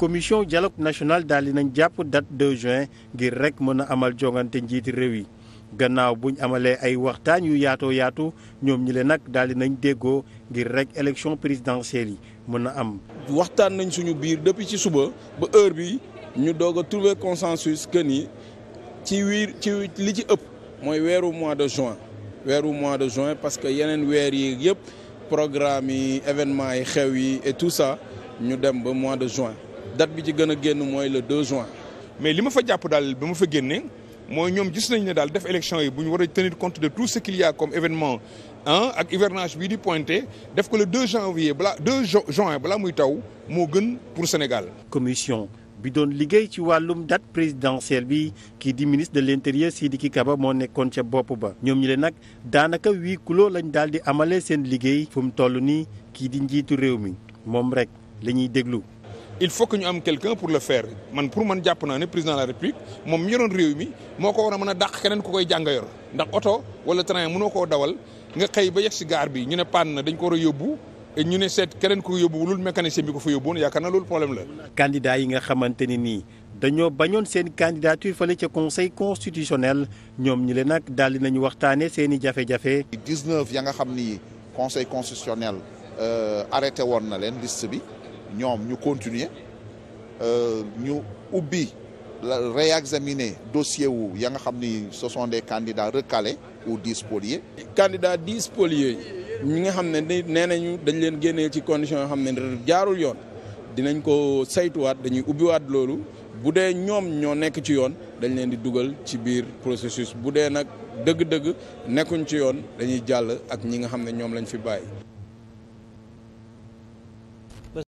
commission dialogue nationale daal di nañ jàpp date 2 juin ngir rek mën a amal jongante njiiti réew yi gannaaw buñ amalee ay waxtaan yu yaatoo yaatu ñoom ñi le nag daal di nañ déggoo ngir rek élection présidentielle yi mën a am. waxtaan nañ suñu biir depuis ci suba ba heure bi ñu doog a trouver consensus que ni ci wiir ci li ci ëpp mooy weeru mois de juin weeru mois de juin parce que yeneen weer yi yëpp programme yi événement yi xew yi et tout ça ñu dem ba mois de juin. date bi ci gën a génn mooy le 2 juin. mais li ma fa jàpp daal bi ma fa génnee mooy ñoom gis nañ ne daal def élection yi bu ñu war a tenir compte de tout ce qu'il y a comme événement ak hivernage bi di pointé def ko le 2 janvier balaa 2 juin balaa muy taw moo gën pour Sénégal. commission bi doon liggéey ci wàllum date présidentielle bi kii di ministre de l'intérieur Sidiki ba moo nekkoon ca bopp ba ñoom ñi le nag daanaka huis clos lañ daal di amalee seen liggéey fu toll nii kii di njiitu réew mi moom rek la déglu. il faut que ñu am quelqu'un pour le faire man pour man jàpp naa ne président de la république moom mi yoroon réew mi moo ko war a mën a dàq keneen ku koy jàng yor ndax oto wala train mënoo koo dawal nga xëy ba yegg si gaar bi ñu ne panne na dañ ko war a yóbbu. ñu ne seet keneen ko yóbbu lul mécanicien bi ko fa yóbbuwoon yaakaar na loolu problème la. candidat yi nga xamante ne nii dañoo bañoon seen candidature fële ca conseil constitutionnel ñoom ñu le nag daal nañu waxtaanee seen i jafe-jafe. ya nga xam ni conseil constitutionnel euh, arrêté woon na leen liste bi. ñoom ñu continuer euh, ñu ubbi réexaminer dossier wu ya nga xam ni ce sont des candidats recalés ou dix spoliés. candidats dix spoliés ñi nga xam ne nee nañu dañ leen génnee ci condition yoo xam ne jaarul yoon dinañ ko saytuwaat dañuy ubbiwaat loolu bu dee ñoom ñoo nekk ci yoon dañ leen di dugal ci biir processus bu dee nag dëgg-dëgg nekkuñ ci yoon dañuy jàll ak ñi nga xam ne ñoom lañ fi bàyyi.